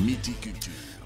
Midi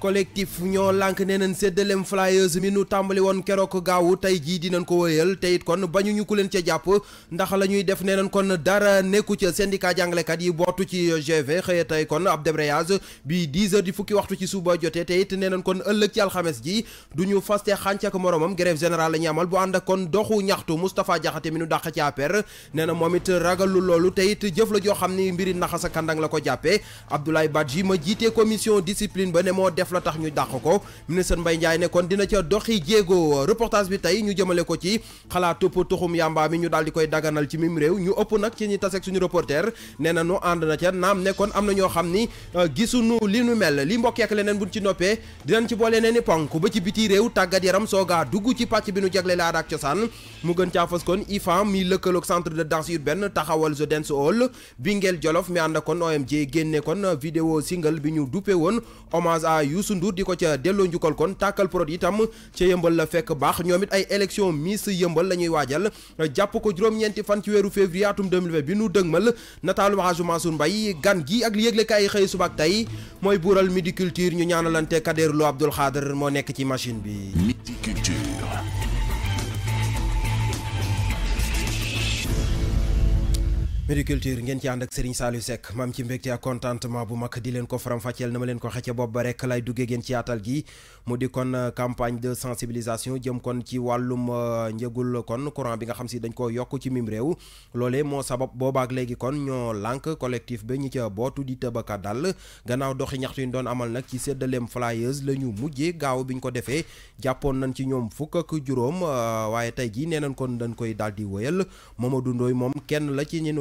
collectif ñoo lànk nee nañ séddaleem flyers mi nu tàmbali woon keroog gaawu tey jii dinañ ko wëyal te it kon bañu ñu ku leen ca jàpp ndax la ñuy def nee nañ kon dara nekku ca syndicat jàngalekat yi bootu ci GV xëye tey kon ab débrayage bi 10 heures di fukki waxtu ci suba jotee te it nee nañ kon ëllëg ci alxames ji du ñu faste xànc ak moromam grève générale la ñu amal bu ànd kon doxu ñaxtu Moustapha Diakhaté mi nu dàq ci APR nee na moom it ragalu loolu te it jëf la joo xam ni mbiri naxas a kandang la ko jàppee Abdoulaye Badji ma jiite commission ba ne moo def la tax ñu dàq ko ministre Mbaye Ndiaye ne kon dina ca doxi jéego reportage bi tey ñu jëmale ko ci xalaatu tuxum yàmbaa mi ñu daal di koy daganal ci mim réew ñu ëpp nag ci ñi taseeg suñu reporter nee na nu ànd na ca naam ne am na ñoo xam ni euh, gisuñu li nu mel li mbokk ak leneen bu ci noppee dinañ ci boole neeni ponk ba ci biti réew tàggat yaram soogaa dugg ci pàcc bi nu jagle la aada cosaan mu gën caa fas kon IFAN mi lëkkaloog centre de danse urbaine taxawal The Dance Hall Bingel Jolof mi ànd kon OMG génne kon vidéo single bi ñu duppe woon Youssou Ndour di ko ca delloo njukkal kon tàkkal produit itam ca yëmbal la fekk baax ñoom it ay élection Miss yëmbal la ñuy waajal jàpp ko juróom-ñeenti fan ci weeru février atum 2020 bi nu dëgmal nataalu waxaaju Mansour mbay gan gi ak li yëglekaay yi xëy subaak tey mooy buural Midi Culture ñu ñaanalante Kadeer Lo Abdoul Xaadar moo nekk ci machine bi. Mediculture ngeen ci and ak Serigne Saliou Seck mam ci mbekté ak contentement bu mak di len ko faram-fàcceel na ma len ko xëcce bopp ba rek lay duggé ngeen ci atal gi mu di kon euh, campagne de sensibilisation jëm kon ci walum euh, njëgul kon courant bi nga xam ci dañ ko yok ci mim rew lolé mo sabab boobaak légui kon ño lank collectif ba ñi ci botu di tebaka dal gannaaw doxi ñaxtu ñu doon amal nak ci séddaleem flyers la ñu mujjee gaaw biñ ko défé jàppoon nañ ci ñom fukk ak juroom euh, waye tay gi nenañ kon dañ koy daal di wëyal Mamadou Ndoye moom kenn la ci ñenu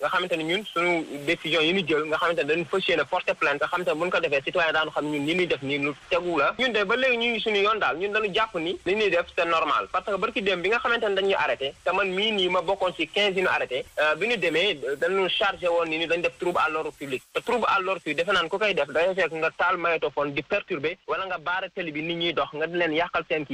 nga xamante ne ñun suñu décision yi ñu jël nga xamante dañu fas yéene porter nga xamante ne ko defee citoyen daanu xam ñun li ñuy def nii lu tegu ñun de ba léegi ñu ngi suñu yoon daal ñun dañu jàpp ni li ñuy def c'est normal parce que barki dem bi nga xamante dañuy arrêté te man mii nii ma bokkoon ci quinze yi ñu arrêté euh, bi ñu demee dañu chargé woon ni ni dañu def trouble à l'ordre public te trouble à l'ordre public defe naan ku koy def dafay fekk nga taal magnétophone di perturber wala nga baara télé bi nit ñuy dox nga di leen yàqal seen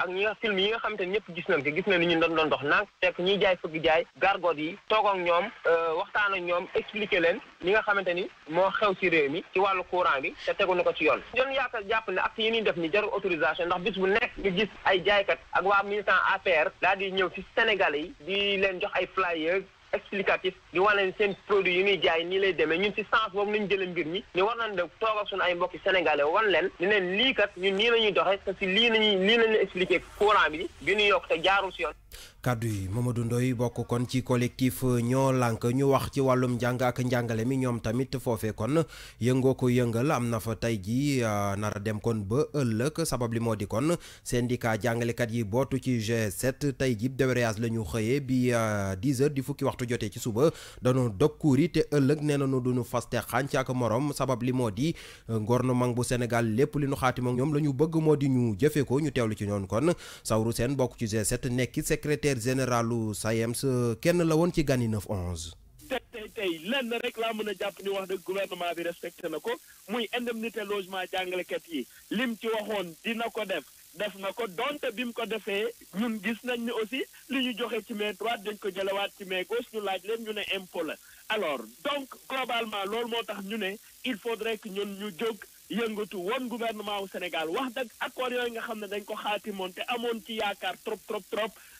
ak ñi nga film yi nga xamante ne ñëpp gis nañ ko gis nañ ni ñu doon doon dox nank fekk ñiy jaay fëgg jaay gargot yi toog ak ñoom euh, waxtaan ak ñoom expliqué leen ñi nga xamante ni moo xew ci réew mi ci wàllu courant bi te tegu na ko ci yoon yoon yaakaar jàpp ne ak yi ñuy def ni jarul autorisation ndax bis bu nekk nga gis ay jaaykat ak waa militant APR daal di ñëw ci Sénégal yi di leen jox ay flyers explicatif di wane ne seen produit yu ñuy jaay nii lay deme ñun ci sens boobu nañu jëlee mbir mi ñu war nañ de toog ay mbokki sénégalais wan leen ne leen lii ñu ñun nii la ñuy doxee te si lii nañuy lii lañu expliqué courant bi bi ñu yokk te jaarul si yoon kàddu yi Mamadou Ndoye bokk kon ci collectif euh, ñoo lànk ñu wax ci wàllum njàng ak njàngale mi ñoom tamit foofee kon yëngoo ko yëngal am na fa tey jii euh, nar dem kon ba ëllëg sabab li moo di kon syndicat jàngalekat yi bootu ci G7 tey jii débrayage la ñu xëyee bi 10 euh, heures di fukki waxtu jotee ci suba dañoo dog kuur te ëllëg nee nañu duñu faste xànc ak sabab li moo di gouvernement bu Sénégal lépp li nu xaati moom ñoom la ñu bëgg moo di ñu jëfee ko ñu teewlu ci ñoon kon Sawru Sène bokk ci g nekki secrétaire secrétaire généralu SAEMS kenn la woon ci gani 911. tey tey tey lenn rek laa mën a jàpp ni wax dëgg gouvernement bi respecté na ko muy indemnité logement jàngalekat yi lim ci waxoon dina ko def def na ko donte bi ko defee ñun gis nañ ni aussi li ñu joxe ci main droite dañ ko jëlewaat ci main gauche ñu laaj leen ñu ne impôt la alors donc globalement loolu moo tax ñu ne il faudrait que ñun ñu jóg yëngatu woon gouvernement wu Sénégal wax dëgg accord yooyu nga xam ne dañ ko xaatimoon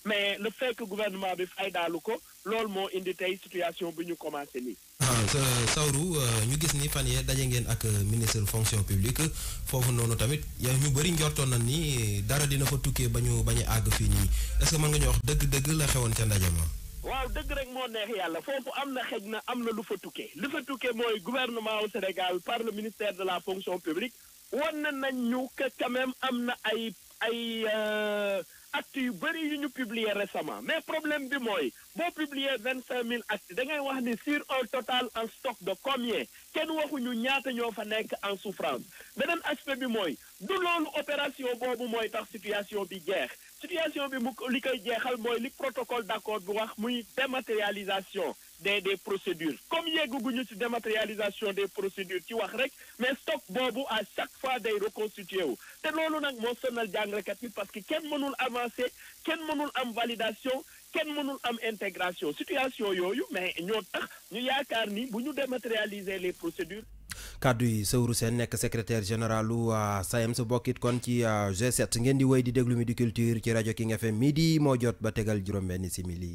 mais lu fekk que bi fay daalu ko loolu moo indi tey situation bi ñu commencé nii. Ah, Saourou euh, ñu gis ni fan yee daje ngeen ak euh, ministre fonction publique foofu noonu tamit ñu bëri njortoon na nii euh, dara dina fa tukkee ba ñu bañ àgg fii nii est que mën nga ñu wax dëgg-dëgg la xewoon ca ndaje ma. waaw dëgg rek moo neex yàlla foofu am na xëj na am na lu fa tukkee li fa tukkee mooy gouvernement Sénégal par le ministère de la fonction publique wan nañ ñu que même am na ay ay. Actu, yu nous yu ñu publier récemment mais problème bi que boo publier 25000 25 actes da ngay wax ni sur un total en stock de combien kenn nous ñaata ñoo fa nekk en souffrance beneen aspect bi mooy du loolu opération boobu mooy tax situation de guerre situation bi mu li koy jeexal li protocole d'accord bi wax muy dématérialisation des des procédures comme yegguñu ci dématérialisation des procédures ci wax rek mais stock boobu à chaque fois day reconstitué wu te loolu nag moo sonal jàngalekat parce que kenn mënul avancer kenn mënul am validation kenn mënul am intégration situation yooyu mais ñoo tax ñu yaakaar ni bu ñu dématérialiser les procédures. kàddu yi Saourou Sène nekk secrétaire généralu euh, SAEMS bokkit kon ci euh, G7 ngeen di wéy di déglu mi di Culture ci rajo ki King FM di moo jot ba tegal juróom-benn simili.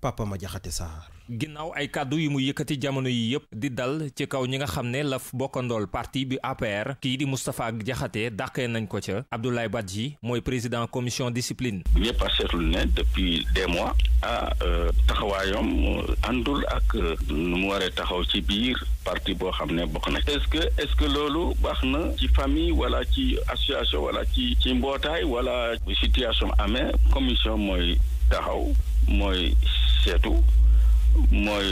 Papa Madiakhaté Sarr ginnaaw ay kàddu yi mu yëkkati jamono yi yëpp di dal ci kaw ñi nga xam ne laf bokkandool parti bi APR kii di Moustapha Diakhaté dàqee nañ ko ca Abdoulaye Badji mooy président commission discipline ñëpp a seetlu ne depuis des mois ah euh, taxawaayam àndul ak euh, mu waree taxaw ci biir parti boo xam ne bokk na est-ce que est-ce que loolu wax na ci famille wala ci association wala ci ci mbootaay wala situation amee commission mooy taxaw mooy seetu mooy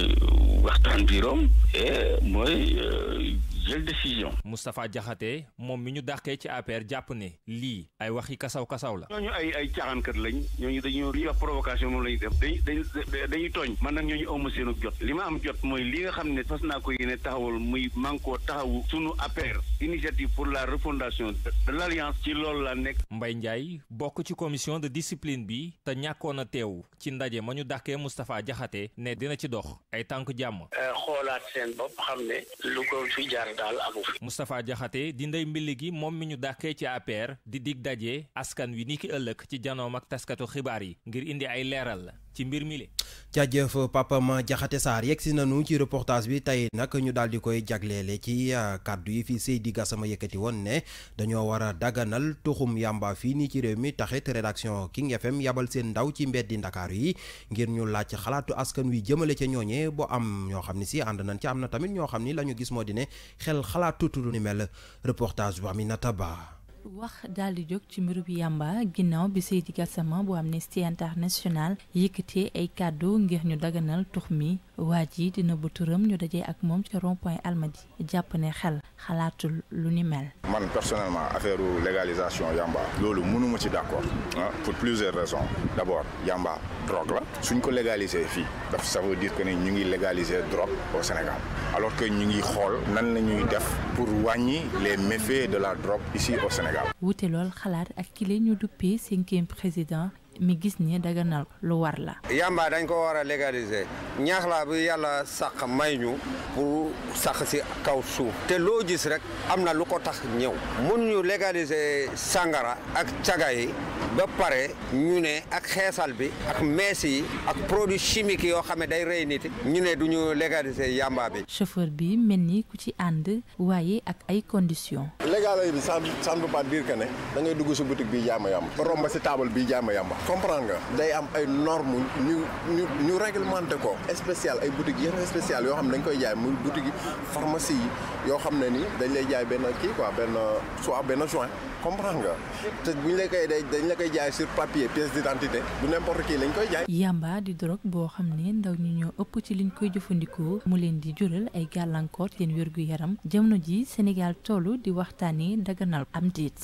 waxtaan birom et mooy euh, jël décision. Moustapha Diakhaté moom mi ñu dàqee ci APR jàpp ne lii ay waxi kasaw kasaw la. ñooñu ay ay caaxaankat lañ ñooñu dañoo li ñuy wax provocation moom la ñuy def dañuy dañuy dañuy tooñ. man nag ñooñu amu seenu jot li ma am jot mooy li nga xam ne fas naa ko yéene taxawul muy mànkoo taxawu sunu APR initiative pour la refondation de l'alliance ci loolu laa nekk. mbay Ndiaye bokk ci commission de discipline bi te ñàkkoon a teew ci ndaje ma ñu dàqee mustafa jaxate ne dina ci dox ay jàmm. Euh, xoolaat mooy daal di ndey mbilli gi moom mi ñu dàkkee ci APR di dig daje askan wi ni ki ëllëg ci janoom ak taskatu xibaar yi ngir indi ay leeral la. ci mbir mi le jaajëf Papa Ma Jaxate Sarr yegg si ci reportage bi tey nag ñu daal di koy jagleele ci euh, kàddu yi fi Seydi Gassama yëkkati woon ne dañoo war a daganal tuxum yàmba fii nii ci réew mi taxit rédaction King FM yabal seen ndaw ci mbeddi Ndakaaru yi ngir ñu laaj xalaatu askan wi jëmale ca ñooñee bu am ñoo xam ni si ànd nañ ci am na tamit ñoo xam ni lañu gis moo di ne xel xalaatutu lu ni mel reportage bu Aminata Ba wax daal di jóg ci mbirub yàmba ginnaaw bi Seydi Gassama bu Amnesty International yëkkatee ay kàddu ngir ñu daganal tux mi waa ji dina bu turam ñu dajee ak moom ca rond point Almadi jàpp ne xel xalaatul lu ni mel. man personnellement affaire légalisation yàmba loolu mënuma ci d' accord ah, pour plusieurs raisons d' abord yàmba drogue la suñ ko légaliser fii daf ça veut dire que ni ñu ngi légaliser drogue au Sénégal alors que ñu ngi xool nan la ñuy def pour wàññi les méfaits de la drogue ici au Sénégal. Sénégal. wuute lool xalaat ak kile ñu duppee cinquième président mi gis ne na lu war la. yamba dañ ko war a légaliser ñaax laa bi yàlla sax may ñu pour sax si kaw suuf te loo gis rek am na lu ko tax ñëw mun ñu légaliser sangara ak caga yi ba pare ñu ne ak xeesal bi ak mees yi ak produit chimique yoo xam ne day rey nit ñu ne du ñu légaliser yamba bi. chauffeur bi mel ni ku ci ànd waaye ak ay conditions. légaliser bi ça ça ne veut pas ne da ngay dugg si boutique bi jaama yamba romb si table bi jàmm yamba. comprends nga day am ay norme ñu ñu ñu réglementé ko spécial ay boutique yenn spécial yo xam dañ koy jaay muy boutique pharmacie yi yoo xam ni dañ lay jaay ben ki quoi ben soit ben joint comprends nga te buñ la koy dañ la koy jaay sur papier pièce d'identité bu n'importe qui lañ koy jaay yamba di drogue bo xam ne ndaw ñu ñoo ëpp ci liñ koy jëfandikoo mu leen di jural ay gàllankoor seen wér gu yaram jamono ji sénégal tollu di waxtaanee daganal am dit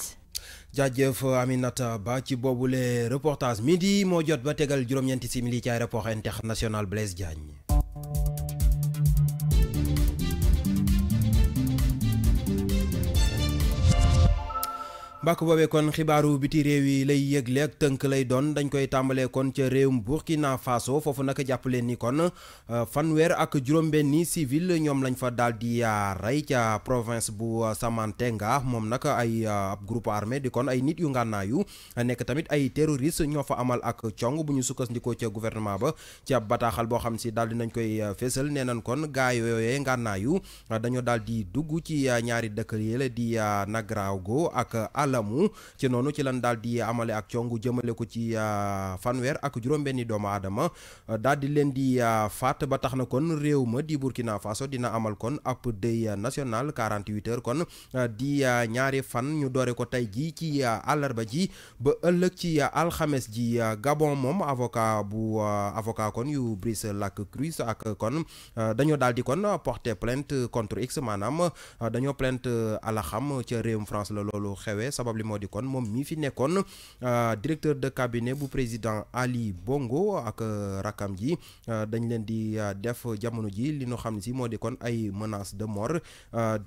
jaajëf Aminata Ba ci boobu boobule reportage di moo jot ba tegal juróom-ñeenti simili ci aéroport international Blaise Diagne. mbàkk boobee kon xibaaru biti réew yi lay yëgle ak tënk lay doon dañ koy tàmbalee kon ca réewum Burkina Faso foofu nag jàppaleen ni kon euh, fanwer ak juróom-benni civil ñoom lañ fa daal ya rey ca province bu euh, Samantenga mom nag ay ab groupe armé di kon ay nit yu ngànnaayu nekk tamit ay terroriste ñoo fa amal ak cong bu ñu sukkandikoo ca gouvernement ba ci ab bataaxal boo xam si daal di nañ koy fésal nee nañ kon gaa yooyee ngànnaayu dañoo daal di ci ñaari dëkk yi la di Nagraogo ak alamu ci noonu ci lan daal di amale ak congu jëmale ko ci euh, fanweer ak juróom-benni doomu aadama euh, daal di leen di euh, faat ba tax na kon réew ma di Burkina Faso dina amal kon ab deuil national 48 heures kon di ñaari fan ñu doore ko tey ji ci àllarba ji ba ëllëg ci alxames ji Gabon moom avocat bu avocat kon yu Brice Lacroix ak kon dañoo daal di kon porter plainte contre X maanaam dañoo plainte alaxam ca réewum France la loolu xewee sabab li moo di kon moom mi fi nekkoon euh, directeur de cabinet bu président Ali Bongo ak euh, rakam ji euh, dañ leen di def jamono ji li ñu xam si moo kon ay menace de mort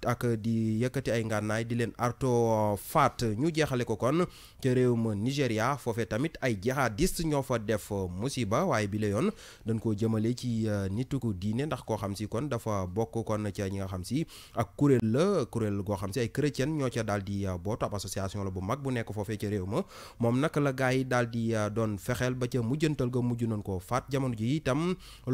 ak di yëkkati ay ngànnaay di leen arto fat ñu jeexale ko kon ca réewum Nigéria foofee tamit ay jihadiste ñoo fa def musiba waaye bi la yoon dañ koo jëmale ci nitu ko diine ndax koo xam si kon dafa bokk kon ca ñi nga xam si ak kuréel la kuréel goo xam si ay chrétien ñoo ca daal di bootu ab association association la bu mag bu nekk foofee ca réew ma moom nag la gars yi daal di euh, doon fexeel ba ca mujjantal ga mujj noon koo faat jamono ji itam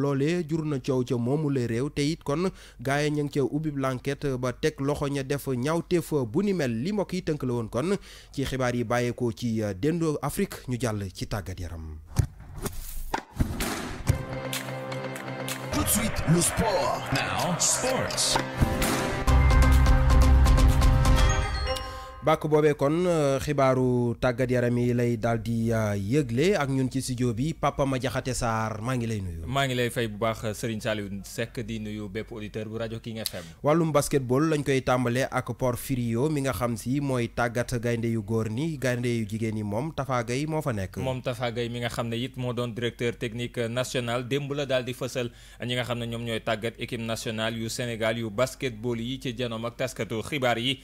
loolee jur na coow ca moomu la réew te it kon gars yi ñu ngi ca ubbi l'enquête ba teg loxo ña def ñaawteef bu ni mel li mbokk yi tënk la woon kon ci xibaar yi bàyyeekoo ci euh, dendoo Afrique ñu jàll ci tàggat yaram. bàkk boobee kon euh, xibaaru tàggat yaram yi lay daal di euh, yëgle ak ñun ci studio bi Papa jaxate Sarr maa ngi lay nuyu. maa ngi lay fay bu baax Serigne Saliou sekk di nuyu bépp auditeur bu rajo ki King FM. wàllum basketball lañ koy tàmbalee ak Porfirio mi nga xam si mooy tàggat gaynde yu góor ni gaynde yu jigéen yi moom Tafa Gueye moo fa nekk. moom Tafa Gueye mi nga xam ne it moo doon directeur technique national démb la daal di fësal ñi nga xam ne ñoom ñooy tàggat équipe nationale yu Sénégal yu basketball yi ci janoom ak taskatu xibaar yi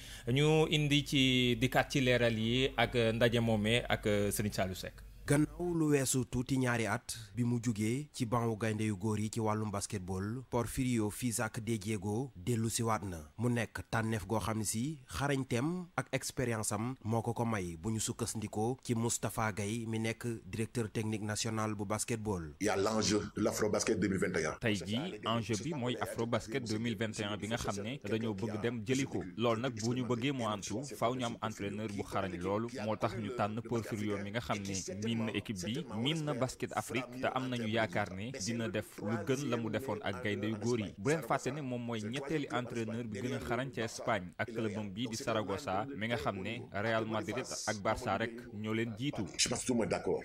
di dikkaat ci leeral yi ak euh, ndaje moomee ak euh, Serigne Saliou Seck gannaaw lu weesu tuuti ñaari at bi mu jugee ci banwu gaynde yu góor yi ci wàllum basketball Porfirio Fisac de Diego dellu si waat na mu nekk tànneef goo xam si xarañteem ak expérience am moo ko ko may bu ñu sukkasndikoo ci mustapha gay mi nekk directeur technique national bu basketball y a l'enjeu de l'afro basket 2021 tey jii enjeu bi mooy afro basket 2021 bi nga xam ne dañoo bëgg dem jëli ko loolu nag bu ñu bëggee mu antu faaw ñu am entraîneur bu xarañ loolu moo tax ñu tànn Porfirio mi nga xam min équipe bi min na basket Afrique te am nañu yaakaar ne dina def lu gën la mu defoon ak gaynde yu góor yi bu leen fàtte ne moom mooy ñetteeli entraîneur bi gën xarañ ca Espagne ak clubam bi di Saragossa mi nga xam ne Real Madrid ak Barça rek ñoo leen jiitu.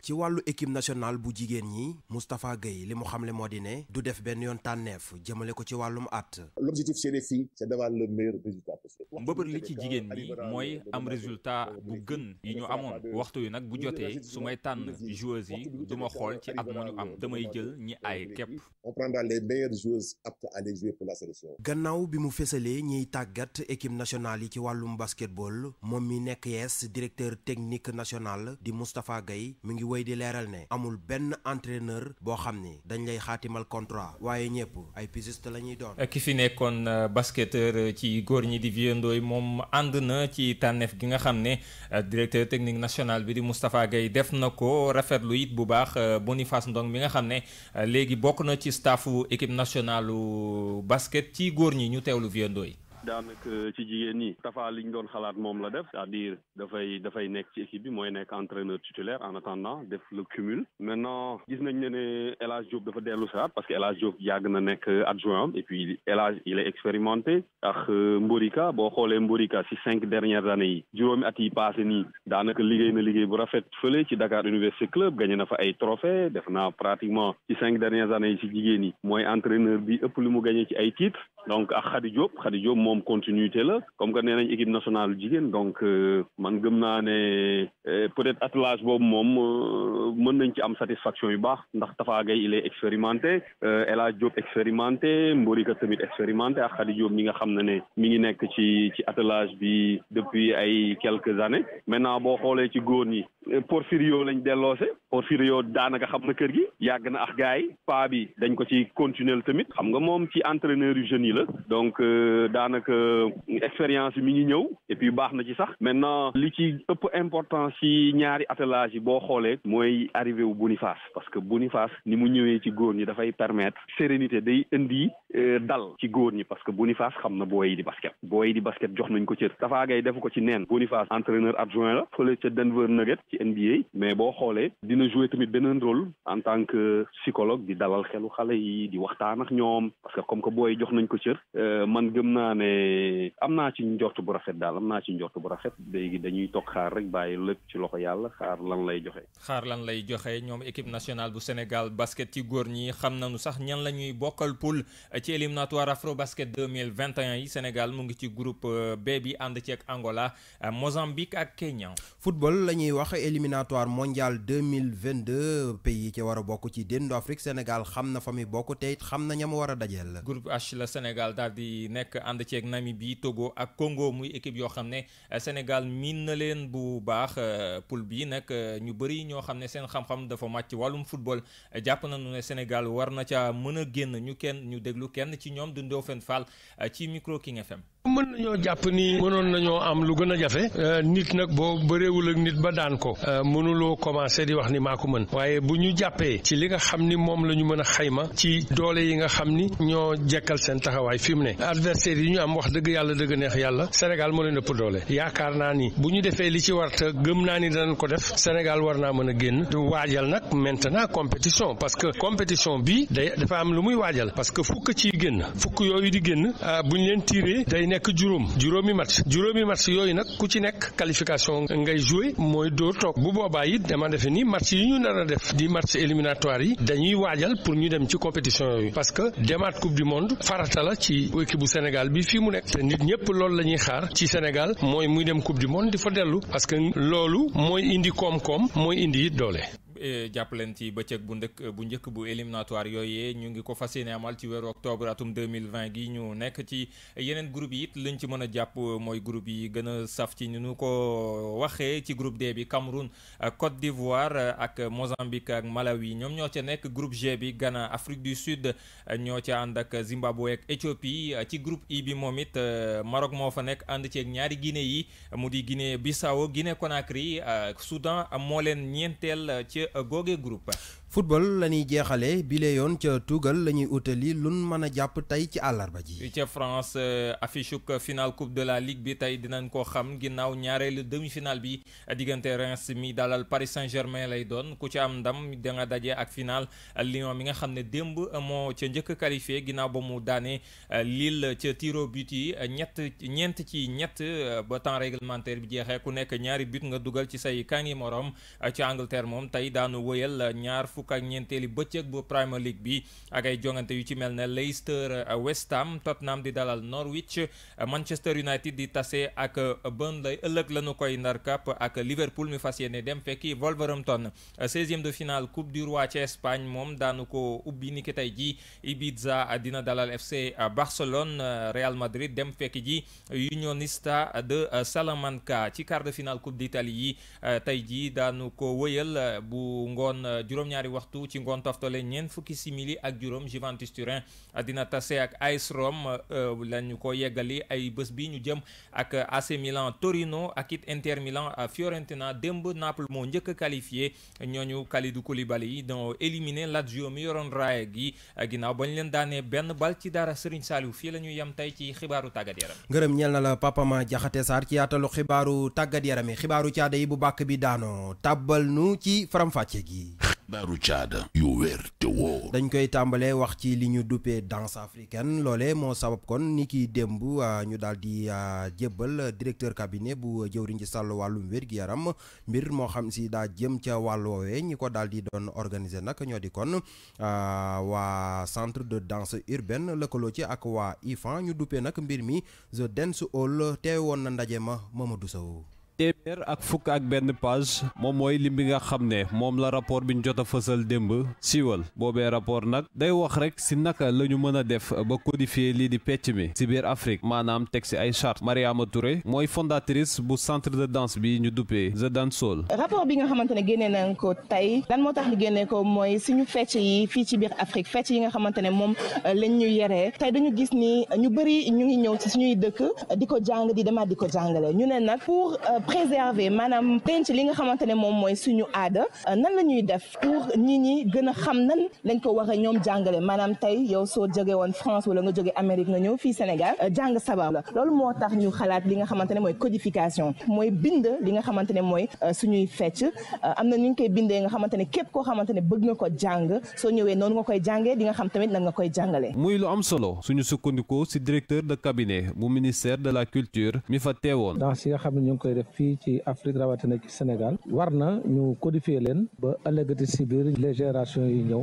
ci wàllu équipe nationale bu jigéen ñi mustapha gay li mu le moo di ne du def benn yoon tànneef jëmale ko ci wàllum at. l'objectif les filles c'est d'avoir le meilleur résultat possible. mbëbër li ci jigéen ñi mooy am résultat bu gën yi ñu amoon waxtu wi nag bu jotee su may tànn joueuses yi du ma xool ci ak mu ñu am damay jël ñi ay képp. on prendra les meilleures joueuses aptes à aller jouer pour la sélection. gannaaw bi mu fësalee ñiy tàggat équipe nationale yi ci wàllum basketball moom mi nekk yees directeur technique national di Moustapha gay mi ngi wéy di leeral ne amul benn entraîneur boo xam ni dañ lay xaatimal contrat waaye ñëpp ay pisiste la ñuy doon. ki fi nekkoon euh, basketteur euh, ci góor ñi di Viendoy Ndoye moom ànd na ci tànneef gi nga xam ne euh, directeur technique national bi di Moustapha Gaye def na ko. boo rafetlu it bu baax euh, Boniface Ndong mi nga xam ne euh, léegi bokk na ci stafu équipe nationale basket ci góor ñi ñu teewlu viandoo yi daanaka ci jigéen ñi Tafa li ñu doon xalaat moom la def c'est-à-dire dafay dafay nekk ci équipe bi mooy nekk entraîneur titulaire en attendant def le cumul maintenant gis nañ ne ne El Diop dafa dellu saat parce que elage Diop yàgg na nekk adjoint et puis elage il est expérimenté ak euh, Mborika boo xoolee Mborika ci cinq dernières années yi juróomi at yi passé nii daanaka liggéey na liggéey bu rafet fële ci Dakar Université Club gagné na fa ay trophées def naa pratiquement ci cinq dernières années yi ci jigéen ñi mooy entraîneur bi ëpp lu mu gagné ci ay titres donc ak Khady Diop Khady Diop moom continuité la comme que nee nañ équipe nationale jigéen donc euh, man gëm naa ne euh, peut-être attelage boobu moom euh, mën nañ ci am satisfaction yu baax ndax Tafa Gueye il est expérimenté El Hadj Diop expérimenté Mborika tamit expérimenté ak Khady Diop mi nga xam ne ne mi ngi nekk ci ci attelage bi depuis ay quelques années maintenant boo xoolee ci góor ñi Euh, Porfirio lañ delloose Porfirio daanaka xam na kër gi yag na ax gars pa bi dañ ko ci continuer tamit xam nga mom ci entraîneur yu jeunes la donc euh, daanaka euh, expérience mi ngi ñew et puis bax na ci sax maintenant li ci ëpp importance ci ñaari attelage bo xolé moy arrivé wu Boniface parce que Boniface ni mu ñëwé ci goor ñi fay permettre sérénité day indi dal ci goor ñi parce que Boniface xam na booy yi di basket boy yi di basket jox nañ ko ci dafa gay def ko ci neen Boniface entraîneur adjoint la fële ci Denver Nuggets ci NBA mais boo xoolee dina jouer tamit beneen rôle en tant que psychologue di dalal xelu xale yi di waxtaan ak ñoom parce que comme que booy jox nañ ko cër euh, man gëm naa ne am naa ci njort bu rafet daal am naa ci njort bu rafet léegi dañuy toog xaar rek bàyyi lépp ci loxo yàlla xaar lan lay joxe. xaar lan lay joxe ñoom équipe nationale bu Sénégal basket ci góor ñi xam nañu sax ñan la ñuy bokkal poule ci éliminatoire afro basket deux mille vingt et un yi Sénégal mu ngi ci groupe euh, bi ànd ci ak Angola euh, Mozambique ak Kenya. éliminatoire mondial 2022 pays yi ci war bokk ci déndu Afrique Sénégal xam na fa muy bokk te xam na ña mu war a dajeel. groupe H la Sénégal dal di nekk ànd ceeg Namibie Togo ak kongo muy équipe yoo xam ne eh, Sénégal miin na leen bu baax eh, poul bi nag eh, ñu bëri ñoo xam ne seen xam-xam dafa màcc wàllum football jàpp nañu ne Sénégal war na ca mën a génn ñu kenn ñu déglu kenn ci ñoom du Ndofène Fall ci micro King FM. mën nañoo jàpp ni mënoon nañoo am lu gën a jafe euh, nit nag boo bëreewul ak nit ba daan ko euh, mënuloo commencé di wax ni maa ko mën waaye bu ñu jàppee ci li nga xam ni moom la ñu mën a xayma ci doole yi nga xam ni ñoo jekkal seen taxawaay fi mu ne adversaire yi ñu am wax dëgg yàlla dëgg neex yàlla Sénégal mën leen ëpp doole yaakaar naa ni bu ñu defee li ci war gëm naa ni danañ ko def Sénégal war naa mën a génn waajal nag maintenant compétition parce que compétition bi day dafa am lu muy waajal parce que fukk ciy génn fukk yooyu di génn euh, nekk juróom juróomi match juróomi match yooyu nag ku ci nekk qualification ngay joué mooy dóor toog bu boobaa it dama defe ni match yi ñu nar def di match éliminatoire yi dañuy waajal pour ñu dem ci compétition yooyu parce que demaat coupe du monde farata la ci équipe bu Sénégal bi fii mu nekk te nit ñëpp loolu la ñuy xaar ci Sénégal mooy muy dem coupe du monde di fa dellu parce que loolu mooy indi koom-koom mooy indi it doole. Eh, jàpp leen ci bëccëg bu ndëkk bu njëkk bu éliminatoire yooyee ñu ngi ko fas yéene amal ci weeru octobre atum gi ñu nekk ci yeneen group yi it lañ ci mën a jàpp mooy groupe yi gën a saf ci ni ñu ko waxee ci groupe D bi Cameroun Côte d'Ivoire ak Mozambique ak Malawi ñoom ñoo ca nekk groupe G bi Ghana Afrique du Sud ñoo ca ànd ak Zimbabwe ak Éthiopie ci groupe I bi moom it Maroc moo fa nekk ànd ceeg ñaari Guinée yi mu di Guinée Bissau Guinée Conakry Soudan a Google grupa football la ñuy jeexalee bile yoon ca tugal la ñuy utali lu ñu mën a jàpp tey ci àllarba ji. ca France euh, affiche uk final coupe de la ligue bi tey dinañ ko xam ginnaaw ñaareelu demi-finale bi diggante Reims mi dalal Paris Saint-Germain lay doon ku ci am ndam danga nga daje ak final Lyon bi nga xam ne démb moo ca njëkk a qualifié ginnaaw ba mu daane euh, Lille ca tiro but yi euh, ñett ñeent ci ñett ba temps réglementaire bi jeexee ku nekk ñaari but nga dugal ci say kangi morom ca Angleterre moom tey daanu fukk ak ñeenteeli bëccëg bu Premier League bi ak ay jongante yu ci mel ne Leicester euh, West Ham Tottenham di dalal euh, euh, de finale Coupe du Roi ci Espagne moom daanu ko ubbi ni ki tey ji Ibiza dina dalal FC Barcelone Real Madrid dem fekki ji Unionista de Salamanca ci quart de finale Coupe d'Italie yi tey ji daanu ko wëyal bu ngoon juróom-ñaari waxtu ci ngoon toftale ñeent fukki simili ak juróom Juventus Turin dina tase ak AS Rome euh, lañu ko yeggali ay bés bi ñu jëm ak AC Milan Torino ak it Inter Milan Fiorentina démb Naples moo njëkk a qualifié ñooñu Kalidou yi doo éliminé Lazio mi yoroon raaya gi ginnaaw ñu leen daanee benn bal ci dara Serigne Saliou fii la ñu yem tey ci xibaaru tàggat yaram. ngërëm ñeel na la Papa Jaxate Sarr ci yaatalu xibaaru tàggat yaram yi xibaaru caada yi bu bàkk bi daanoo tàbbal nu ci xibaaru caada dañ koy tàmbalee wax ci li ñu duppee danse africaine loole moo sabab kon ni kiy démb ah, ñu daal di ah, jébbal directeur cabinet bu jëwriñ ci sàll wàllum wér gi yaram mbir moo xam si daa jëm ca wàll woowee ñi ko daal di doon organiser nag ñoo di kon ah, waa centre de danse urbaine lëkkaloo ci ak waa IFAN ñu duppee nag mbir mi The Dance Hall woon na ndaje ma Mamadou Sow téeméer ak fukk ak benn page moom mooy lim bi nga xam ne moom la rapport bi ñu jot a démb siiwal boobee rapport nag day wax rek si naka la ñu mën a def ba codifier lii di pecc mi si biir Afrique maanaam teg si ay charte Mariama Touré mooy fondatrice bu centre de danse bi ñu duppee The Dance Soul. rapport bi nga xamante ne génnee nañ ko tey lan moo tax ñu génnee ko mooy suñu fecc yi fii ci biir Afrique fecc yi nga xamante ne moom euh, lañ ñu yeree tey dañu gis ni ñu bëri ñu ngi ñëw ci suñuy dëkk di ko jàng di demaat di ko jàngale préserver manam penc li nga xamantene ne suñu aada euh, nan lañuy def pour xam France wala nga jogé Amérique nga ñëw fi Sénégal euh, jàng sabab la lool ñu xalaat li nga xamantene moy codification moy bind li nga xamantene euh, suñuy ñu koy nga képp bëgg nga ko directeur de cabinet bu ministère de la culture mi fa nga fii ci Afrique rawatina ci Sénégal Warna, na ñu codifier leen ba ëllëgati si biir les générations yi ñëw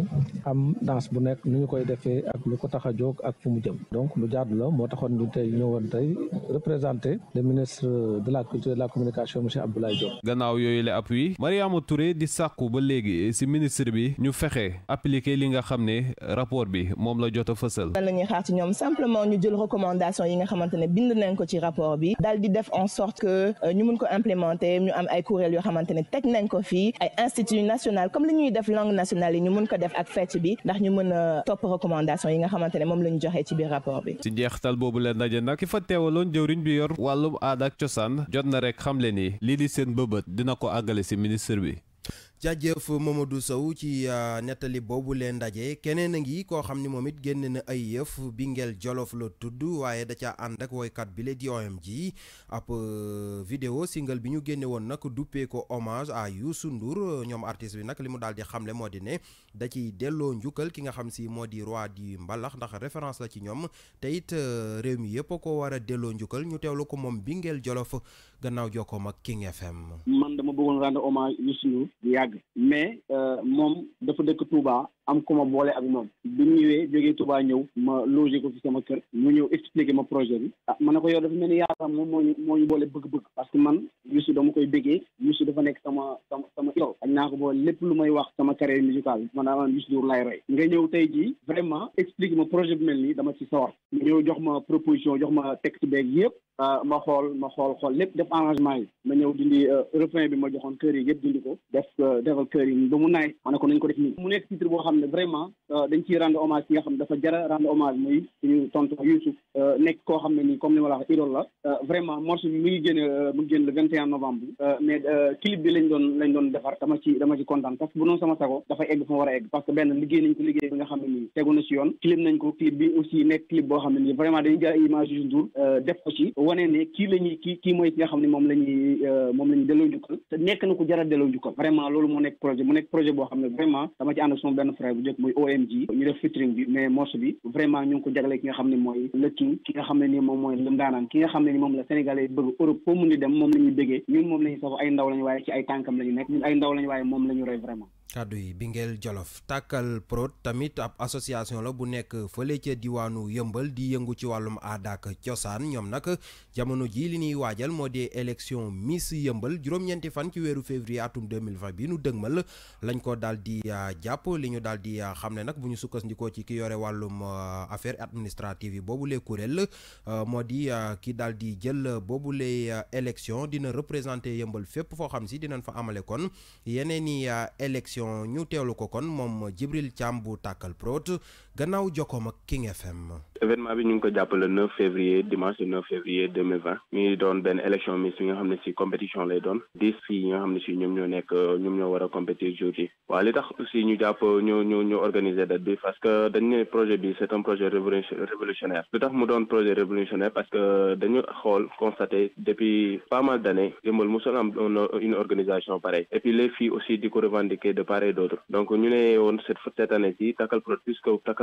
am danse bu nekk nu ñu koy defee ak lu ko tax a jóg ak fu mu jëm donc lu jaadu la moo taxoon ñu tey ñëwoon tey représenter le ministre de la culture et de la communication monsieur Abdoulaye Diop. gannaaw yooyu la appui Mariama Touré di sàkku ba léegi si ministre bi ñu fexe appliquer li nga xam rapport bi mom la jot a lan la xaar ci ñoom simplement ñu jël recommandation yi nga xamante ne bind nañ ko ci rapport bi daal di def en sorte que euh, ñu mun ko ñu am ay kuréel yoo xamante ne teg nañ ko fii ay institut national comme li ñuy def langue nationale yi ñu mën ko def ak fecc bi ndax ñu mën a topp recommandation yi nga xamante ne moom la ñu joxee ci biir rapport bi ci jeextal boobu la ndaje nag ki fa teewaloon jëwriñ bi yor wàllum aada ak cosaan jot na rek xam leen ni lii di seen bëbët dina ko àggale si ministre bi jaajëf du Sow ci euh, nettali boobu leen ndaje keneen a ngi koo xam ni moom it génne na ay yëf Bingel Jolof la tudd waaye da ca ànd ak woykat bi bile di ji ab euh, vidéo single bi ñu génne woon nag duppee ko hommage à Youssou Ndour ñoom artiste bi nag li mu daal di xamle moo di ne da ciy delloo njukkal ki nga xam si moo di roi di mbalax ndax référence la ci ñoom teyit it euh, réew mi yëpp ko war a delloo njukkal ñu teewlu ko moom Bingel Jolof gannaaw jokkoom ak King FM. bëggoon rendre hommage Youssou Ndour bu yàgg mais euh, moom dafa dëkk Touba am ku ma boole ak moom bi mu jógee Touba ñëw ma logé ko fi sama kër mu ñëw expliqué ma projet bi ah ma ne ko yow dafa mel moo moo ñu boole bëgg-bëgg parce que man Youssou dama koy bëggee Youssou dafa nekk sama sama sama idole añ lu may wax sama carrière musicale man daal Youssou Ndour laay roy nga ñëw tey jii vraiment expliqué ma projet bi mel nii dama ci sawar nga ñëw jox ma proposition jox ma texte beeg yëpp ah, ma xool ma xool xool lépp def arrangement yi ma ñëw dindi euh, refrain bi ma joxoon kër yi yëpp dindi ko def euh, defal yi ba ko nañ ko def nii mu nekk titre boo xam xam vraiment euh, dañ ciy rendre hommage ki nga xam ne dafa jara rendre hommage muy suñu tonton Youssouf euh, nekk koo xam ne nii comme ni ma la wax idole nekk na ko jara delloo njukkal vraiment loolu moo nekk projet mu nekk projet boo xam ne vraiment dama ci ànd ak benn jotaay bu njëkk muy OMG ñu def featuring bi mais morceau bi vraiment ñu ko jagle ki nga xam ne mooy le ki nga xam ne nii moom mooy lëm daanaan ki nga xam ne ni moom la sénégalais bëgg Europe foo mun di dem moom la bëggee ñun moom la ñuy sax ay ndaw lañu waaye ci ay tànkam la nekk ay ndaw lañu waaye moom la ñu vraiment kàddu yi Bingel Jolof tàkkal Prod tamit ab association la bu nekk fële ca diwaanu yëmbal di yëngu ci wàllum aada cosaan ñoom nag jamono ji li ñuy waajal moo di élection Miss yëmbal juróom-ñeenti fan ci weeru février atum 2020 bi nu dëgmal lañ ko daldi di euh, jàpp li ñu daal di euh, xam ne nag bu ñu sukkandikoo ci ki yore wàllum euh, affaire administrative yi boobu boobule kuréel moo di ki daal di jël boobule élection dina représenter yëmbal fépp foo xam si dinañ fa amale émission ñu teelu ko kon moom jibril Thiam bu Takkal Prod gannaaw jokkoom ak King FM. événement bi ñu ko le 9 février dimanche le 9 février 2020 mi doon une élection miss yi nga xam ci compétition lay doon filles nga xam ne ci ñoom ñoo nekk ñoom ñoo war a compétir jour yi waaw li tax aussi ñu date bi parce que dañ projet bi c'est un projet révolutionnaire C'est tax mu doon projet révolutionnaire parce que dañu xool constaté depuis pas mal d'années yëmbal mosul am une organisation pareille et puis les filles aussi di ko revendiquer de part et donc ñu ne woon cette cette année ci Takal Prod puisque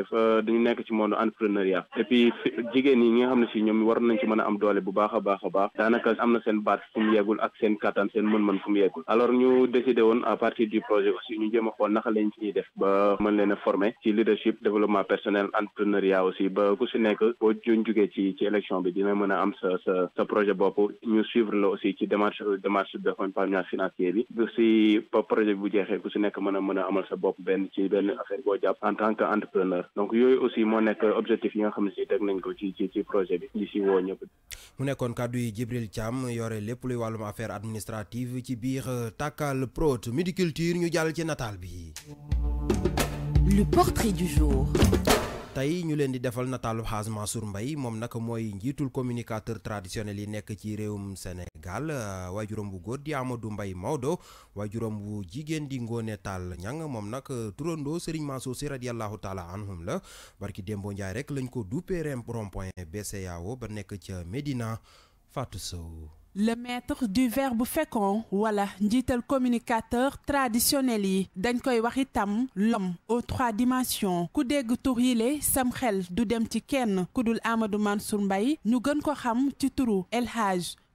dafa euh, dañu nekk ci monde entrepreneuriat et puis jigéen yi nga xam ne si ñoom war nañ ci mën a am doole bu baax a baax a baax daanaka am na seen baat fu mu yeggul ak seen kattan seen mën-mën fu mu yeggul alors ñu décidé woon à partir du projet aussi ñu jéem a xool naka lañ ciy def ba mën leen a former ci leadership développement personnel entrepreneuriat aussi ba ku si nekk boo juñ jugee ci ci élection bi dina mën a am sa sa sa projet bopp ñu suivre la aussi ci démarche euh, démarche de compagnie financière bi aussi projet bu jeexee ku si nekk mën a mën a amal sa bopp benn ci benn affaire boo jàpp en tant que entrepreneur donc yooyu aussi moo nekk objectif yi nga xam ne si teg nañ ko ci ci ci projet bi di si woo ñëpp. mu nekkoon kàddu yi Djibril Thiam yore lépp luy wàllum affaire administrative ci biir euh, Takal Prod Midi Culture ñu jàll ci natal bi. Le portrait du jour. tey ñu leen di defal nataalu Hadj Mansour mbay moom nag mooy njiitul communicateur traditionnel yi nekk ci réewum Sénégal euh, waajuram bu góor di Amadou Mbaye Maodo waajuram bu jigéen di Ngoone Tall Ñang moom nag euh, turandoo Serigne Mansour si radiyallahu taala anhum la barki Dembo Ndiaye rek lañ ko duppee rond-point BCEAO ba nekk ca Médina Fatou Sow le maître du verbe fécond dit le communicateur traditionnel yi dañ koy l'homme aux trois dimensions ku dégg tur sam xel du dem ci kenn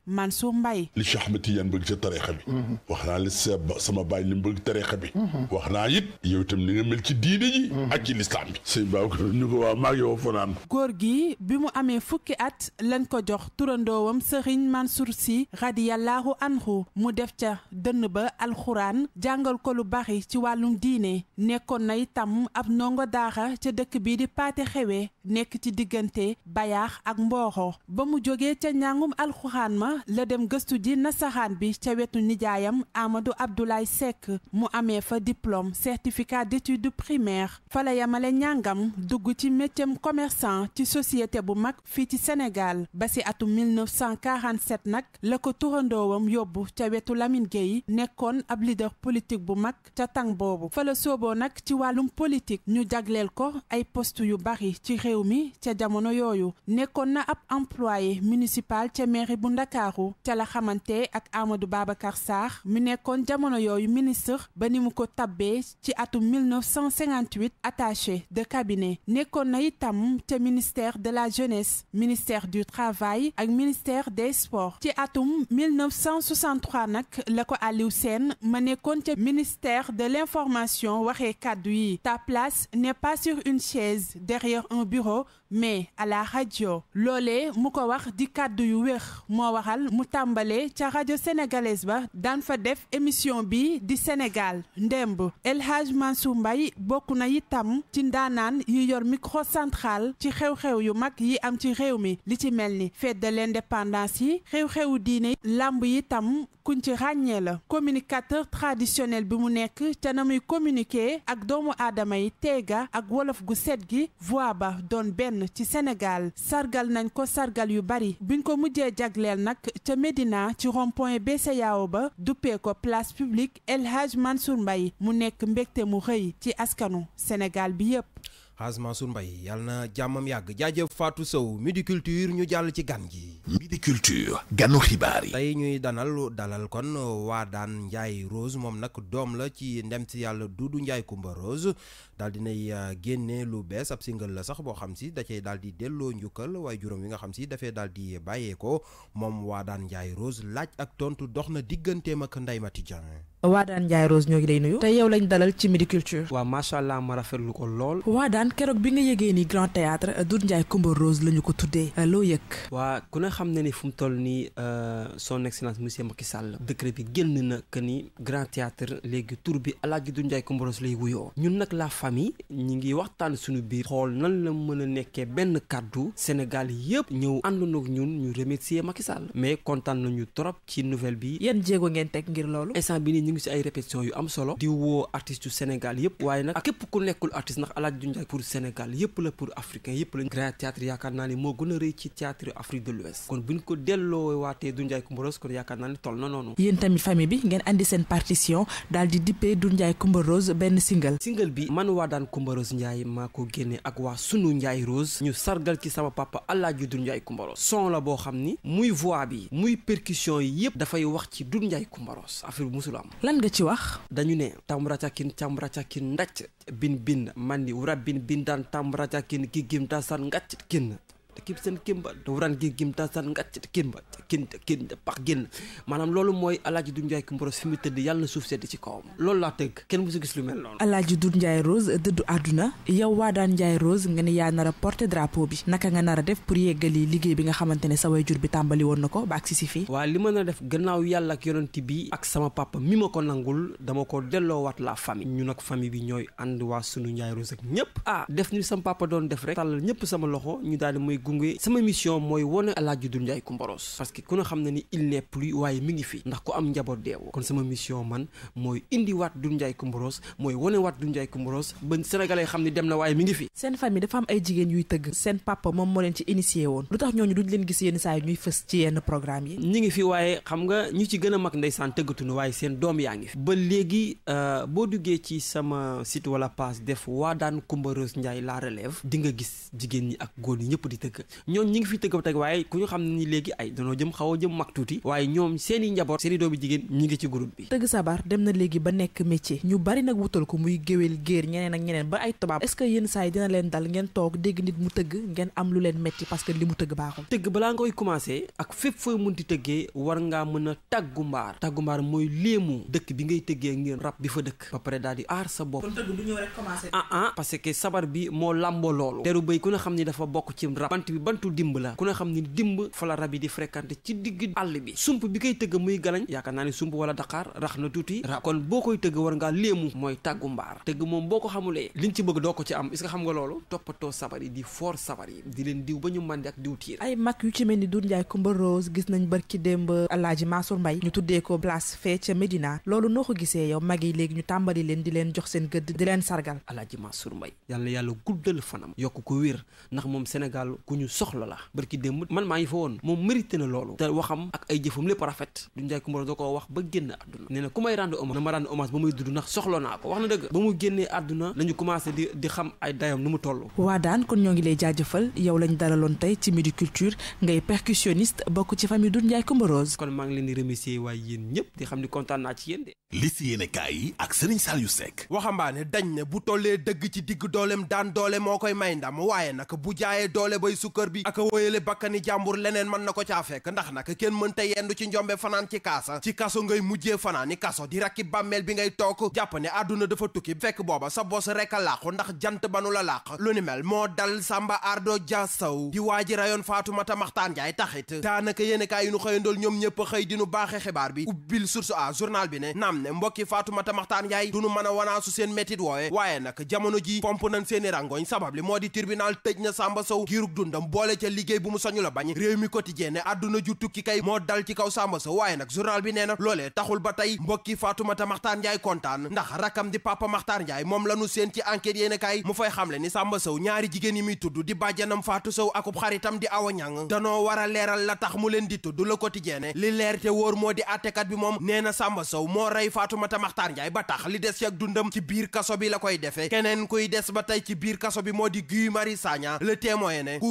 Mansour Mbaye li Cheikh Ahmed Tidiane bëgg ci tarixa bi mhm. wax naa li sama baay li mu bëgg tarixa bi mhm. wax naa it yow itam ni nga mel ci diine ji mhm. ak ci lislaam bi sëñ Babacar ñu ko waa maag yow fanaan góor gi bi mu amee fukki at lañ ko jox turandoowam Serigne Mansour Sy radiyallahu anhu mu def ca dënn ba alxuraan jàngal ko lu bari ci wàllum diine nekkoon na itam ab ndongo daaxa ca dëkk bii di paate xewee nekk ci diggante bayaax ak mbooroo ba mu jógee ca njàngum alxuraan ma la dem gëstu ji nasaraan bi ca wetu nijaayam Amadou Abdoulaye Seck mu amee fa diplôme certificat d'études primaires fa la yamale njàngam dugg ci métiem commerçant ci société bu mag fii ci Sénégal ba ci atum 1947 nag la ko turandoowam yóbbu ca wetu Lamine yi nekkoon ab leader politique bu mag ca tàng boobu fa la sooboo nag ci wàllum politique ñu jagleel ko ay post yu bari ci réew réew mi ca jamono ab employé municipal ca mairie bu ndakaaru ca la xamante ak Amadou Babacar Sarr mi nekkoon jamono yooyu ministre ba ni mu ci atum 1958 attaché de cabinet nekkoon na itam ministère de la jeunesse ministère du travail ak ministère des sports ci atum 1963 Nak la ko Aliou sen ma ministère de l'information waxee kàddu ta place n'est pas sur une chaise derrière un bureau ho mais à la radio loolee mu ko wax di kàddu yu wér moo waxal mu tàmbalee ca rajo sénégalaise ba daan fa def émission bi di Sénégal ndemb El Hadj mbay bokk na itam ci ndaanaan yi yor micro central ci xew-xew yu mag yi am ci réew mi li ci mel ni fête de l'indépendance yi xew-xewu diine làmb yi tam kuñ ci ràññee la communicateur traditionnel bi mu nekk ca na muy communiquer ak doomu aadama yi teega ak wolof gu set gi voix ba doon benn ci Sénégal sargal nañ ko sargal yu bari biñ ko mujjee jagleel nag ca Médina ci rond-point BCEAO ba duppee ko place publique El Hadj Mansour Mbaye mu nekk mbégte mu rëy ci askanu Sénégal bi yépp Hadj Mansour mbay yàlla na jàmmam yàgg jaajëf Fatou Sow Midi Culture ñu jàll ci gan gi. Midi Culture ganu xibaar yi. tey ñuy danal dalal kon waa daan Ndiaye Rose moom nag doom la ci ndem si yàlla duudu Ndiaye Coumba Rose daal dinay euh, génne lu bees ab single la sax boo xam si da cay daal di delloo njukkal waaye juróom yi nga xam si dafee daal di bàyyeekoo moom Waadaan njaay Rose laaj ak tontu dox na digganteem ak Ndeye Mati Dieng Waadaan Ndiaye Rose ñoo ngi lay nuyu. te yow lañ dalal ci Midi Culture. waaw macha allah ma rafetlu ko lool. waa daan keroog bi nga yëgee ni Grand Théâtre euh, du Ndiaye Coumba Rose la ñu ko tuddee euh, loo yëg. waa ku ne xam ne ni fu mu toll nii son excellence monsieur Macky Sall. décret génn na que ni Grand léegi tur bi El Hadj Doudou Ndiaye lay wuyoo famille ñi ngi waxtaan suñu biir xool nan la mën a nekkee benn kàddu Sénégal yëpp ñëw àndoon ak ñun ñu remercier Macky mais kontaan nañu trop ci nouvelle bi. yan jéego ngeen teg ngir loolu. instant bi nii ñu ngi si ay répétitions yu am solo. di woo artistes yu Sénégal yëpp waaye nag képp ku nekkul artiste ndax El Hadj Doudou Ndiaye pour Sénégal yëpp la pour africain yëpp lañ. grand théâtre yaakaar naa ne moo gën a rëy ci théâtre Afrique de l'Ouest kon bu ñu ko delloo waatee Doudou Ndiaye Coumba Rose kon yaakaar naa ne toll na noonu. yéen tamit famille bi ngeen andi waa daan Coumba Rose maa ko génne ak waa sunu Ndiaye Rose ñu sargal ci sama papa Alaaji Doudou Ndiaye Coumba Rose son la boo xam ni muy voix bi muy percussion yi yëpp dafay wax ci du Ndiaye Coumba Rose affaire bu musul am lan nga ci wax dañu ne tam tambracakin tambracakin ndacc bin bin man ni wura bin bin daan tambracakin gi gim dasan ngacc kinn te kim seen gi gim tasan ngat ci kin ba kin kin pak gin manam lolu moy alhaji dun jaay kum boros fimi teud yalla suuf sedd ci kawam lolu la teug ken musu gis lu mel non alhaji rose deud aduna yow wa daan rose nga ya nara porter drapeau bi naka nga nara def pour yegali liggey bi nga xamantene sa way jur bi tambali won nako ba ak fi wa li meuna def gannaaw yalla ak yonenti bi ak sama papa mi mako nangul dama ko delo wat la famille ñu nak famille bi ñoy and wa sunu rose ak ñep ah def ni sama papa don def rek tal ñep sama loxo ñu daal muy gunge sama mission mooy wone Alaaji Doudou Ndiaye Coumba parce que ku ne xam na ni il n'est plus waaye mi ngi fi ndax ku am njaboot deewoo kon sama mission man mooy indi waat Doudou Ndiaye mooy wone waat Doudou Ndiaye Coumba Rose ba sénégalais xam ni dem na waaye mi ngi fi seen famille dafa am ay jigéen yuy tëgg seen papa moom moo leen ci initié woon lu tax ñooñu duñ leen gis yenn saa yi ñuy fës ci yenn programme yi ñi ngi fi waaye xam nga ñu ci gën a mag ndeysaan tëggatuñu waaye seen doom yaa ngi fi ba léegi euh, boo duggee ci sama site wala page def waa daan Coumba Rose Ndiaye la di nga gis jigéen ñi ak góor ñi ñëpp di tëgg dëgg ñoom ñi ngi fi tëgg teg waaye ku ñu xam ni léegi ay danoo jëm xaw jëm mag tuuti waaye ñoom seen i njaboot seen i doomi jigéen ñi ngi ci groupe bi tëgg sabar dem na léegi ba nekk métier ñu bari nag wutal ko muy géwél géer ñeneen ak ñeneen ba ay tubaab est ce que yénn saa dina leen dal ngeen toog dégg nit mu tëgg ngeen am lu leen metti parce que li mu tëgg baaxul tëgg balaa nga koy commencé ak fépp fooy munti tëggee war ngaa mën a tàggu mbaar tàggu mbaar mooy léemu dëkk bi ngay tëggee ngeen rab bi fa dëkk ba pare daal di aar sa bopp kon du rek ah ah parce que sabar bi moo làmboo loolu teru bëy ku ne xam ni dafa bokk ci rab bant bi bantu dimb la ku ne xam ni dimb fa la rab yi di fréquenté ci digg àll bi sump bi koy tëgg muy galañ yaakaar naa ni sump wala daqaar rax na tuuti ra kon boo koy tëgg war ngaa léemu mooy tàggu mbaar tëgg moom boo ko xamulee liñ ci bëgg doo ko ci am est ko que xam nga loolu toppatoo sabar yi di for sabar yi di leen diw ba ñu màndi ak diw tiir ay mag yu ci mel ni Doudou Ndiaye Coumba Rose gis nañ bërki démb Alaaji Mansour mbay ñu tuddee ko place fee ca Médina loolu noo ko gisee yow mag yi léegi ñu tàmbali leen di leen jox seen gëdd di leen sargal Alaaji Mansour Mbaye yàlla yàlla guddal fanam yokk ko wér ku ñu soxla la barki démb man maa ngi fa woon moom mérité na loolu da koo wax waa daan kon ñoo ngi lay jaajëfal yow lañ dalaloon tey ci Midi Culture ngay percussionniste bokk ci famille Doudou Ndiaye kon maa ngi leen di waaye yéen ñëpp di xam ni kontaan naa ci yéen de li si yéene yi ak Serigne Saliou Seck waxambaane sukkar bi aka wóoyale bakkani jàmbur leneen mën na ko caa fekk ndax nag kenn mënta yendu ci njombe fanaan ci kaasa ci kaso ngay mujjee fanaani kaso di rakki bàmmeel bi ngay toog jàpp ne àdduna dafa tukki fekk booba sa bos rek a làqu ndax jant banu la làq lu ni mel moo dal Samba Ardo Dia Sow di waa ji rayoon Faatumata Maxtaan Njaay taxit daanaka yéene kaay yu nu xëyandool ñoom ñëpp xëy di nu baaxe xibaar bi ubbil source a journal bi ne naam ne mbokki Faatumata Maxtaan Njaay du nu mën a wanaasu seen métit woowe waaye nag jamono ji pomp nañ seeni rangoñ sabab li moo di tribunal tëj na Samba Sow ndam boole ca liggéey bu mu soñu la bañ réew mi quotidien àdduna ju tukki kay moo dal ci kaw sàmba Sow waaye nag journal bi nee na loolee taxul ba tey mbokki Fatoumata Makhtar kontaan ndax rakkam di Papa Makhtar Ndiaye moom la nu seen ci enquête yéen kaay mu fay xamle ni sàmba Sow ñaari jigéen yi muy tudd di bàjjanam Fatou Sow ak xaritam di Awa Niang danoo war a leeral la tax mu leen di tudd le quotidien ne li leer te wóor moo di àttekat bi moom nee na Samba Sow moo rey Fatoumata Makhtar ba tax li des ci dundam ci biir kaso bi la koy defee keneen kuy des ba tey ci biir kaso bi moo di Guy Marie Sagna le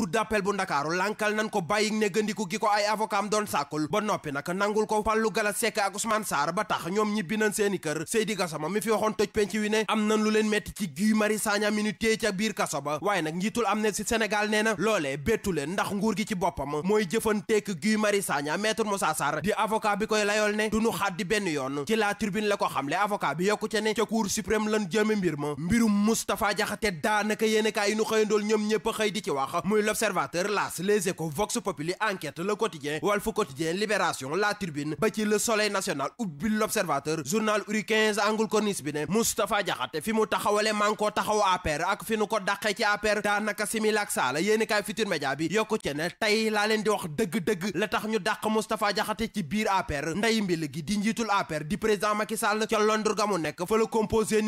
cour d'appel bu ndakaaru lankal nan ko bàyyi négandiku gi ko ay avocat am doon sàkkul ba noppi nag nangul ko Fallou Galass Seck ak Ousmane Sarr ba tax ñoom ñibbi nañ seeni kër Seydi ma mi fi waxoon toj penc wi ne am nañ lu leen metti ci Guy Marius Sagna mi ñu téye ca biir kaso ba waaye nag njiitul Amnesty Sénégal nee na loole bettu leen ndax nguur gi ci boppam mooy jëfanteek Guy Marius Sagna maître Moussa Sarr di avocat bi koy layool ne duñu xaddi benn yoon ci la tribune la ko xamle avocat bi yokku ca ne ca cour suprême lan jëme mbir ma mbirum Moustapha Diakhaté daanaka yéen a kaay yi ñu xëyandool ñoom ñëpp xëy di ci wax l'observateur las les échos vox populi enquête le quotidien walfu quotidien libération la tribune ba ci le soleil national ubbi l'observateur journal uri angul corniche bi ne Moustapha Diakhaté fi mu taxawale man koo taxaw ak fi nu ko dàqee ci APR daanaka simila ak saala yéeni futur média bi yokku ci ne tey laa leen di wax dëgg-dëgg la tax ñu dàq Moustapha Diakhaté ci biir APR nday mbil gi di njiitul APR di président Macky ca Londres ga nekk fa la composé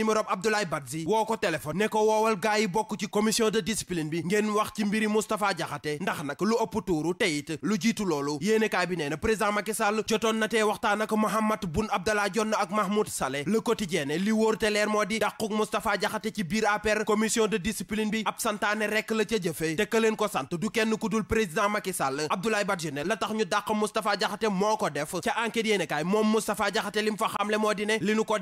Moustapha Diakhaté ndax nag lu ëpp tuuru teyit lu jiitu loolu yéenekaay bi nee na président Macky jotoon na tee waxtaan ak Mahammed Boun Abdallah Dionne ak Mahmoud Saleh Le Quotidien li wóor leer moo di dàquk Moustapha Diakhaté ci biir APR commission de discipline bi ab santaane rekk la ca jëfee te ka leen ko sant du kenn ku dul président Macky Sall Abdoulaye Badjine la tax ñu dàq Moustapha Diakhaté moo ko def ca enquête yéenekaay moom Moustapha Diakhaté li mu fa xamle moo di ne li nu ko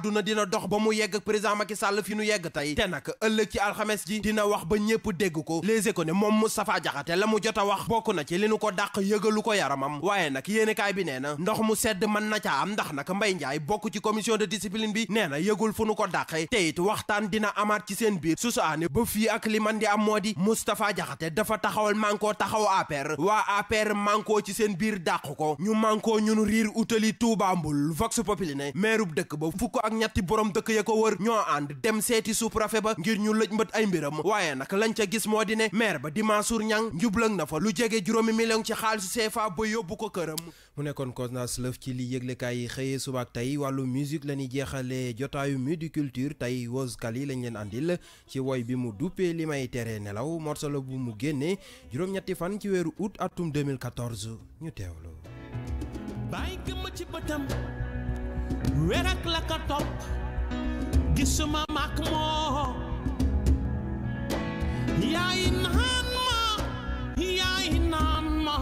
àdduna dina dox ba mu yegg président Macky Sall fi nu yegg tey te nag ëllëg ci alxames ji dina wax ba ñépp dégg ko Les Échos ne moom Moustapha Diakhaté la mu jot a wax bokk na ci li nu ko dàq yëgalu ko yaramam waaye nag yéenekaay bi nee na ndox mu sedd man na caa am ndax nag mbay Ndiaye bokk ci commission de discipline bi nee na yëgul fu nu ko dàqee te it waxtaan dina amaat ci seen biir su saane ba fii ak li man di am moo di Moustapha Diakhaté dafa taxawal mànkoo taxaw APR waa APR mànkoo ci seen biir dàq ko ñu mànkoo ñun riir utali Touba Mboul Vox Populi ne ak ñetti boroom dëkk ya ko wër ñoo ànd dem seeti sous-préfet ba ngir ñu lëj mbët ay mbiram waaye nag lañ ca gis moo di ne maire ba di Mansour Niang njublang na fa lu jege juróomi million ci xaalisu CFA ba yóbbu ko këram mu nekkoon Cosnas lëf ci li yëglekaay yi xëyee subaak tey wàllu musique la ñuy jeexalee jotaayu Midi Culture tey Wozkali lañ leen andil ci woy bi mu duppee li may tere nelaw morceau la bu mu génnee juróom-ñetti fan ci weeru août atum 2014 ñu teewlu bàyyi gëmm ci bëtam weer ak la ko topp gisuma mag moo yaay naan ma yaay naan ma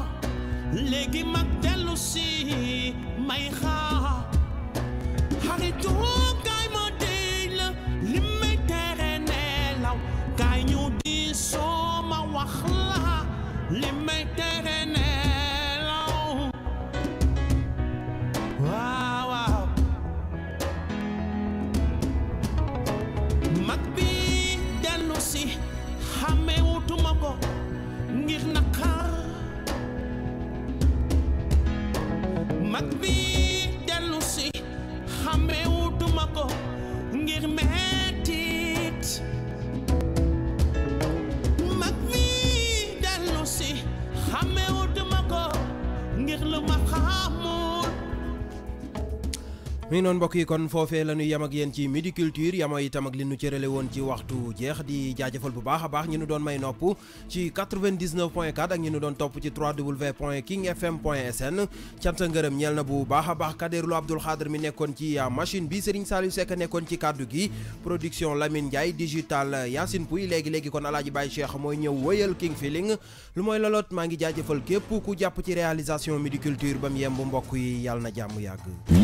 Legi mag dellu si may xaa xaritu gaay ma déy la li may tere di soo ma wakla la mi mbokk yi kon foofee la ñuy yem ak yéen ci midi culture yamoo itam ak li nu cërale woon ci waxtu jeex di jaajëfal bu baax a baax ñu nu doon may nopp ci 99 point 4 ak ñi doon topp ci 3w point king fm point sn cant ngërëm ñeel na bu baax a baax kadeerlu Abdoul Xaadir mi nekkoon ci ah, machine bi Serigne Saliou Seck nekkoon ci kàddu gi production Lamine Ndiaye digital ah, Yacine Pouy léegi-léegi kon alaaji Baye Cheikh mooy ñëw wëyal king feeling lu mooy loloot maa ngi jaajëfal képp ku jàpp ci réalisation midi ba mu yem mbokk yi yàlla na jàmm yàgg